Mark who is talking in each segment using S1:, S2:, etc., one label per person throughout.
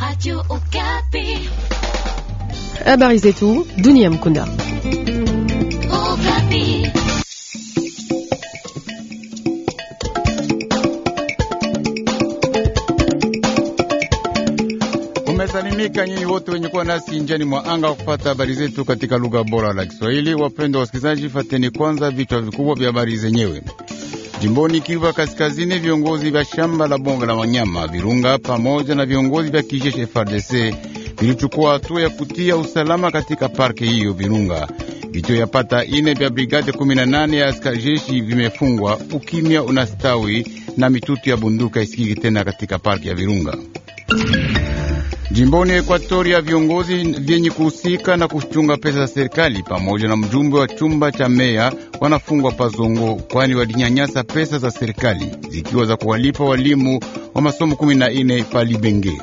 S1: Radio Okapi.
S2: Habari zetu dunia mkunda.
S1: Okapi.
S2: Umesalimika nyinyi wote wenye kuwa nasi njani mwa anga kupata habari zetu katika lugha bora la Kiswahili. Wapendwa wasikilizaji, fateni kwanza vichwa vikubwa vya habari zenyewe. Jimboni Kivu Kaskazini, viongozi vya shamba la bonga la wanyama Virunga pamoja na viongozi vya kijeshi FARDC vilichukua hatua ya kutia usalama katika parki hiyo Virunga. Vituo ya pata ine vya brigade 18 ya askari jeshi vimefungwa. Ukimya unastawi na mitutu ya bunduka isikiki tena katika parki ya Virunga. Jimboni Ekuatoria, viongozi vyenye kuhusika na kuchunga pesa za serikali pamoja na mjumbe wa chumba cha meya wanafungwa pazongo, kwani walinyanyasa pesa za serikali zikiwa za kuwalipa walimu wa masomo 14 palibenge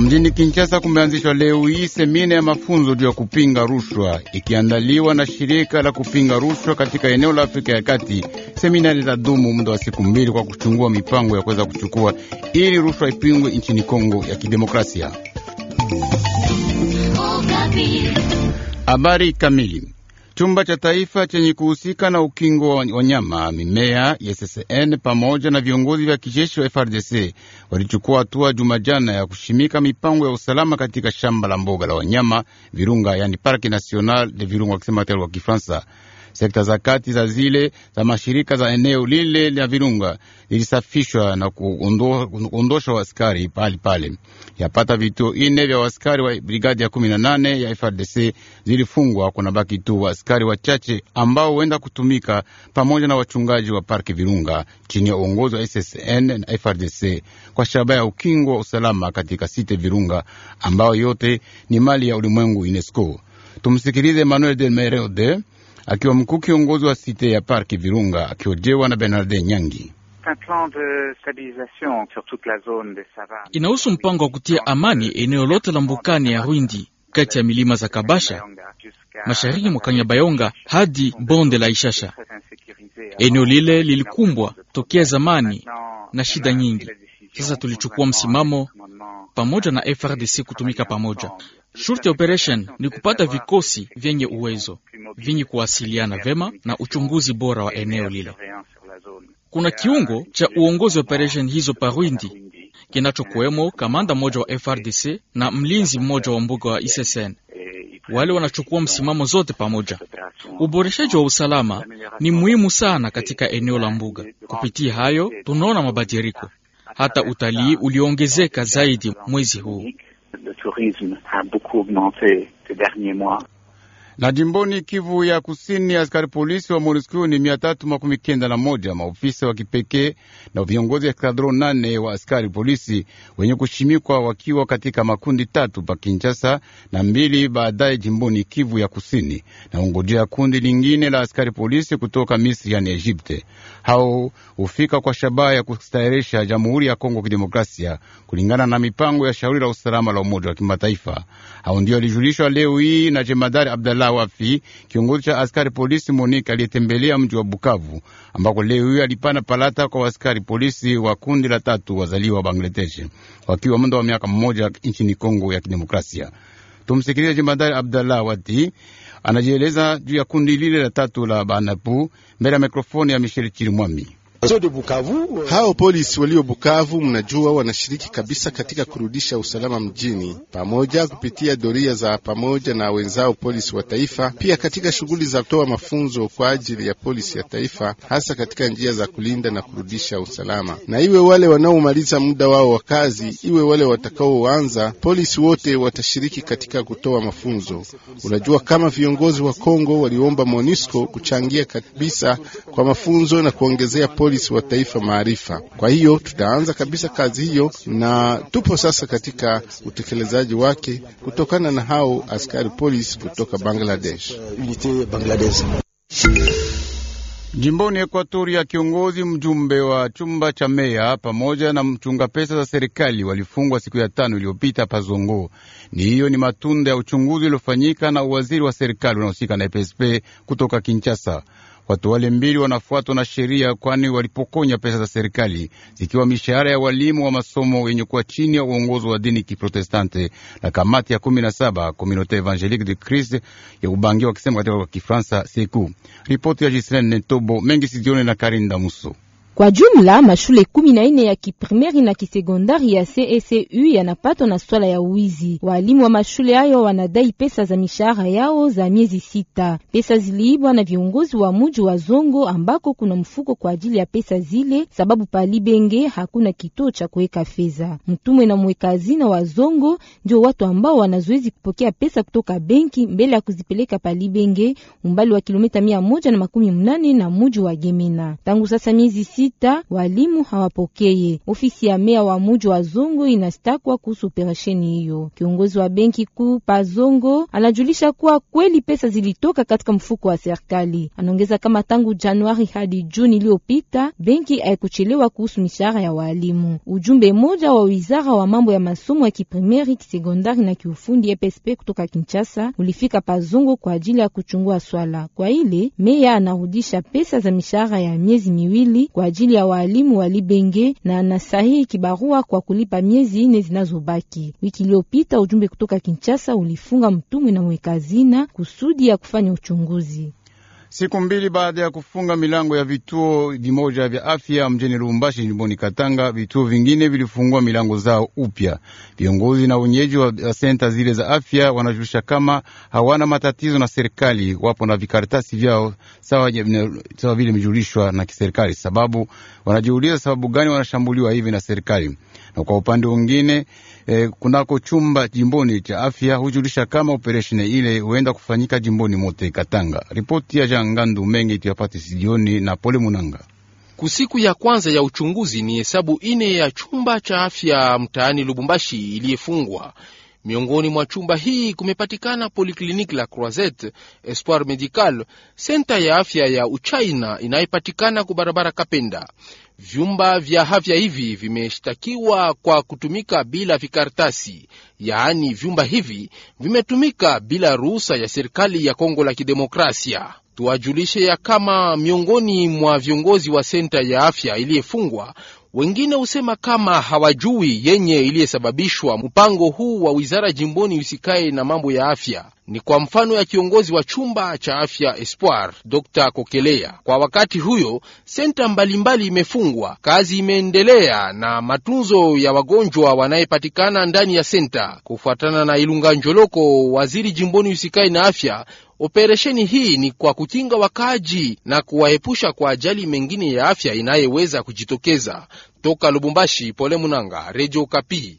S2: mjini Kinshasa kumeanzishwa leo hii semina ya mafunzo juu ya kupinga rushwa ikiandaliwa na shirika la kupinga rushwa katika eneo la Afrika ya Kati. Semina litadumu muda wa siku mbili kwa kuchungua mipango ya kuweza kuchukua ili rushwa ipingwe nchini Kongo ya Kidemokrasia. Oh, Habari kamili chumba cha taifa chenye kuhusika na ukingo wa wanyama mimea SSN pamoja na viongozi vya kijeshi wa FRDC walichukua hatua jumajana ya kushimika mipango ya usalama katika shamba la mboga la wanyama Virunga, yani Parki National de Virunga wakisema tayari wa Kifransa sekta za kati za zile za mashirika za eneo lile la Virunga lilisafishwa na kuondosha waskari pale pale. Yapata vituo ine vya waskari wa brigadi ya kumi na nane ya FRDC zilifungwa, kuna baki tu waskari wachache ambao huenda kutumika pamoja na wachungaji wa parki Virunga chini ya uongozi wa SSN na FRDC kwa shabaha ya ukingo wa usalama katika site Virunga ambayo yote ni mali ya ulimwengu UNESCO. Tumsikilize Emmanuel de Merode akiwa mkuu kiongozi wa site ya parki Virunga, akiojewa na Bernarde Nyangi.
S3: Inahusu mpango wa kutia amani eneo lote la mbukani ya Rwindi kati ya milima za Kabasha mashariki mwa Kanyabayonga hadi bonde la Ishasha. Eneo lile lilikumbwa tokea zamani na shida nyingi. Sasa tulichukua msimamo pamoja na FRDC kutumika pamoja. Shurti ya operation ni kupata vikosi vyenye uwezo vyenye kuwasiliana vema na uchunguzi bora wa eneo lile. Kuna kiungo cha uongozi wa operation hizo Parwindi kinachokuwemo kamanda mmoja wa FRDC na mlinzi mmoja wa mbuga wa ISSN. Wale wanachukua msimamo zote pamoja. Uboreshaji wa usalama ni muhimu sana katika eneo la mbuga. Kupitia hayo, tunaona mabadiliko hata utalii uliongezeka zaidi mwezi huu.
S2: Na jimboni Kivu ya Kusini, askari polisi wa MONUSCO ni mia tatu makumi kenda na moja maofisa wa kipekee na viongozi ya skadron nane wa askari polisi wenye kushimikwa wakiwa katika makundi tatu pa Kinshasa na mbili baadaye jimboni Kivu ya Kusini, na ungojea kundi lingine la askari polisi kutoka Misri yani Egypte. Hao hufika kwa shabaha ya kustahirisha Jamhuri ya Kongo Kidemokrasia kulingana na mipango ya shauri la usalama la Umoja wa Kimataifa. Hao ndio alijulishwa leo hii na jemadari Abdallah wafi kiongozi cha askari polisi Monika aliyetembelea mji wa Bukavu, ambako leo huyo alipana palata kwa askari polisi wa kundi la tatu wazaliwa wa Bangladesh wakiwa muda wa miaka mmoja nchini Kongo ya Kidemokrasia. Tumsikilize Jemadari Abdallah Wati anajieleza juu ya kundi lile la tatu la Banapu mbele ya mikrofoni ya Mishel Chirimwami. Euh. Hao polisi walio Bukavu, mnajua wanashiriki kabisa katika kurudisha usalama mjini, pamoja kupitia doria za pamoja na wenzao polisi wa taifa, pia katika shughuli za kutoa mafunzo kwa ajili ya polisi ya taifa, hasa katika njia za kulinda na kurudisha usalama. Na iwe wale wanaomaliza muda wao wa kazi, iwe wale watakaoanza, polisi wote watashiriki katika kutoa mafunzo. Unajua, kama viongozi wa Kongo waliomba MONUSCO kuchangia kabisa kwa mafunzo na kuongezea polisi polisi wa taifa maarifa. Kwa hiyo tutaanza kabisa kazi hiyo, na tupo sasa katika utekelezaji wake kutokana na hao askari polisi kutoka Bangladesh. Jimboni ya kiongozi mjumbe wa chumba cha meya pamoja na mchunga pesa za serikali walifungwa siku ya tano iliyopita Pazongo. Ni hiyo ni matunda ya uchunguzi uliofanyika na uwaziri wa serikali unaohusika na PSP kutoka Kinshasa. Watu wale mbili wanafuatwa na sheria, kwani walipokonya pesa za serikali zikiwa mishahara ya walimu wa masomo yenye kuwa chini ya uongozi wa dini Kiprotestante na kamati ya kumi na saba Communaute Evangelique de Christ ya Ubangi, wakisema katika kwa Kifransa siku ripoti ya Gislaine Netobo mengi sijione na Karinda Muso.
S1: Kwa jumla mashule kumi na nne ya kiprimeri na kisekondari ya CSU yanapatwa na swala ya uwizi. Walimu wa mashule hayo wanadai pesa za mishahara yao za miezi sita. Pesa ziliibwa na viongozi wa muji wa Zongo ambako kuna mfuko kwa ajili ya pesa zile, sababu palibenge hakuna kituo cha kuweka fedha. Mtumwe na mweka hazina wa Zongo ndio watu ambao wanazoezi kupokea pesa kutoka benki mbele ya kuzipeleka palibenge, umbali wa kilomita mia moja na makumi mnane na muji wa Gemena. Tangu sasa miezi sita sita walimu hawapokeye. Ofisi ya mea wa muji wa Zongo inastakwa kuhusu operesheni hiyo. Kiongozi wa benki kuu pa Zongo anajulisha kuwa kweli pesa zilitoka katika mfuko wa serikali. Anaongeza kama tangu Januari hadi Juni iliyopita benki haikuchelewa kuhusu mishahara ya walimu. Ujumbe moja wa wizara wa mambo ya masomo ya kiprimeri, kisekondari na kiufundi EPSP kutoka Kinshasa ulifika pa Zongo kwa ajili ya kuchungua swala. Kwa ile meya anarudisha pesa za mishahara ya miezi miwili kwa ajili ya waalimu wa Libenge na anasahihi kibarua kwa kulipa miezi ine zinazobaki. Wiki iliyopita ujumbe kutoka Kinshasa ulifunga mtumwi na mwekazina kusudi ya kufanya uchunguzi.
S2: Siku mbili baada ya kufunga milango ya vituo vimoja vya afya mjini Lubumbashi jimboni Katanga, vituo vingine vilifungua milango zao upya. Viongozi na wenyeji wa senta zile za afya wanajulisha kama hawana matatizo na serikali, wapo na vikaratasi vyao sawa vile imejulishwa na kiserikali, sababu wanajiuliza sababu gani wanashambuliwa hivi na serikali. Na kwa upande mwingine eh, kunako chumba jimboni cha afya hujulisha kama operesheni ile huenda kufanyika jimboni mote Katanga. Ripoti ya Jangandu Mengi tuyapate sijioni na Pole
S3: Munanga. Kusiku ya kwanza ya uchunguzi ni hesabu ine ya chumba cha afya mtaani Lubumbashi iliyefungwa. Miongoni mwa chumba hii kumepatikana Polikliniki la Croisette, Espoir Medical, senta ya afya ya Uchaina inayopatikana ku barabara Kapenda. Vyumba vya afya hivi vimeshtakiwa kwa kutumika bila vikaratasi, yaani vyumba hivi vimetumika bila ruhusa ya serikali ya Kongo la Kidemokrasia. Tuwajulishe ya kama miongoni mwa viongozi wa senta ya afya iliyefungwa wengine husema kama hawajui yenye iliyesababishwa mpango huu wa wizara jimboni usikae na mambo ya afya. Ni kwa mfano ya kiongozi wa chumba cha afya Espoir Dr. Kokelea. Kwa wakati huyo senta mbalimbali imefungwa, kazi imeendelea na matunzo ya wagonjwa wanayepatikana ndani ya senta. Kufuatana na Ilunga Njoloko, waziri jimboni usikae na afya, Operesheni hii ni kwa kukinga wakaaji na kuwaepusha kwa ajali mengine ya afya inayeweza kujitokeza. Toka Lubumbashi, Pole Munanga, Redio Kapi.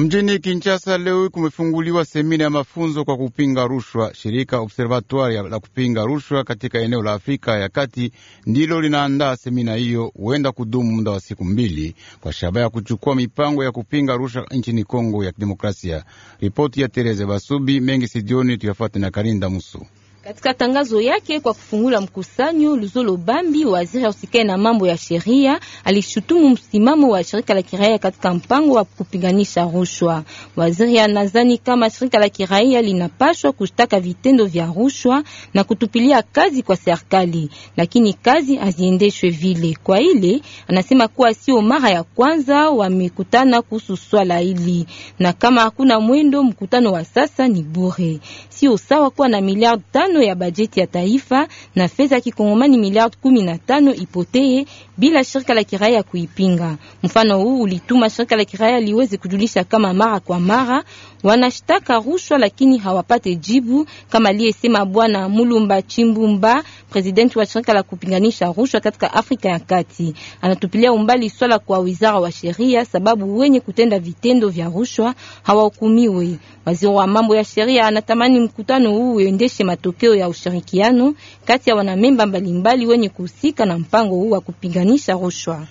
S2: Mjini Kinshasa leo kumefunguliwa semina ya mafunzo kwa kupinga rushwa. Shirika Observatoire la kupinga rushwa katika eneo la Afrika ya Kati ndilo linaandaa semina hiyo, huenda kudumu muda wa siku mbili, kwa shabaha ya kuchukua mipango ya kupinga rushwa nchini Kongo ya Kidemokrasia. Ripoti ya Tereze Basubi mengi sidioni tuyafate na Karinda Musu.
S1: Katika tangazo yake kwa kufungula mkusanyo, Luzolo Bambi, waziri usikae na mambo ya sheria, alishutumu msimamo wa shirika la kiraia katika mpango wa kupiganisha rushwa. Waziri anadhani kama shirika la kiraia linapaswa kushtaka vitendo vya rushwa na kutupilia kazi kwa serikali, lakini kazi haziendeshwe vile. Kwa ile anasema kuwa sio mara ya kwanza wamekutana kuhusu swala hili, na kama hakuna mwendo, mkutano wa sasa ni bure. Sio sawa kuwa na miliardi tano tano ya bajeti ya taifa na fedha ya kikongomani miliardi kumi na tano ipotee bila shirika la kiraia kuipinga. Mfano huu ulituma shirika la kiraia liweze kujulisha kama mara kwa mara wanashtaka rushwa, lakini hawapate jibu, kama aliyesema Bwana Mulumba Chimbumba, presidenti wa shirika la kupinganisha rushwa katika Afrika ya Kati. Anatupilia umbali swala kwa wizara wa sheria, sababu wenye kutenda vitendo vya rushwa hawahukumiwe. Waziri wa mambo ya sheria anatamani mkutano huu uendeshe matokeo matokeo ya ushirikiano kati ya wanamemba mbalimbali wenye kuhusika na mpango huu wa kupiganisha rushwa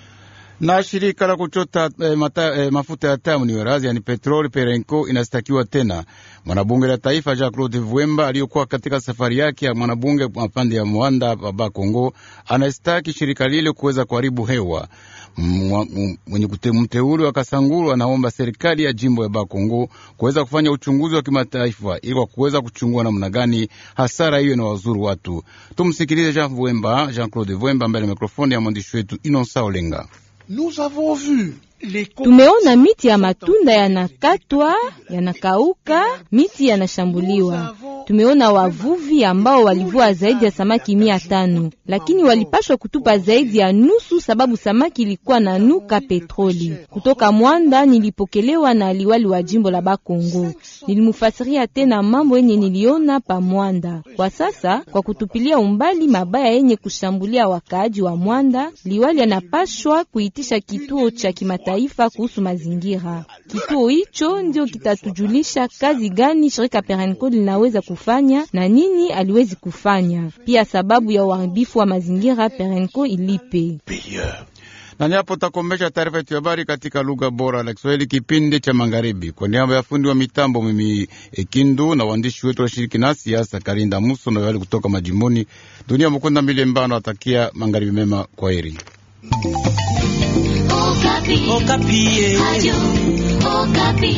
S2: na shirika la kuchota eh, mata, eh, mafuta ya tamu ni werazi yani petroli Perenco inastakiwa tena. Mwanabunge la taifa Jean Claude Vuemba aliyokuwa katika safari yake ya mwanabunge mapande ya Mwanda Baba Kongo anastaki shirika lile kuweza kuharibu hewa. Mwenye mteuli wa Kasanguru anaomba serikali ya jimbo ya Bakongo kuweza kufanya uchunguzi wa kimataifa ili kwa kuweza kuchungua namna gani hasara hiyo na wazuru watu. Tumsikilize Jean Vuemba, Jean Claude Vuemba mbele ya mikrofoni ya mwandishi wetu Inosa Olenga.
S1: Nous avons vu Tumeona miti ya matunda yanakatwa, yanakauka, miti yanashambuliwa. Tumeona wavuvi ambao walivua zaidi ya samaki mia tano lakini walipashwa kutupa zaidi ya nusu, sababu samaki ilikuwa na nuka petroli. Kutoka Mwanda nilipokelewa na liwali wa jimbo la Bakongo, nilimufasiria tena mambo yenye niliona pa Mwanda. Kwa sasa, kwa kutupilia umbali mabaya yenye kushambulia wakaaji wa Mwanda, liwali anapashwa kuitisha kituo cha kimataifa kimataifa kuhusu mazingira. Kituo hicho ndio kitatujulisha kazi gani shirika Perenco linaweza kufanya na nini aliwezi kufanya, pia sababu ya uharibifu wa mazingira Perenco ilipe
S2: na hapo takomesha taarifa yetu ya habari katika lugha bora la Kiswahili, kipindi cha magharibi. Kwa niaba ya fundi wa mitambo, mimi Ekindu eh, na waandishi wetu washiriki na siasa Karinda Muso na wale kutoka majimboni, Dunia Mukunda Mbili Mbano atakia magharibi mema. Kwa heri.
S3: Okapi.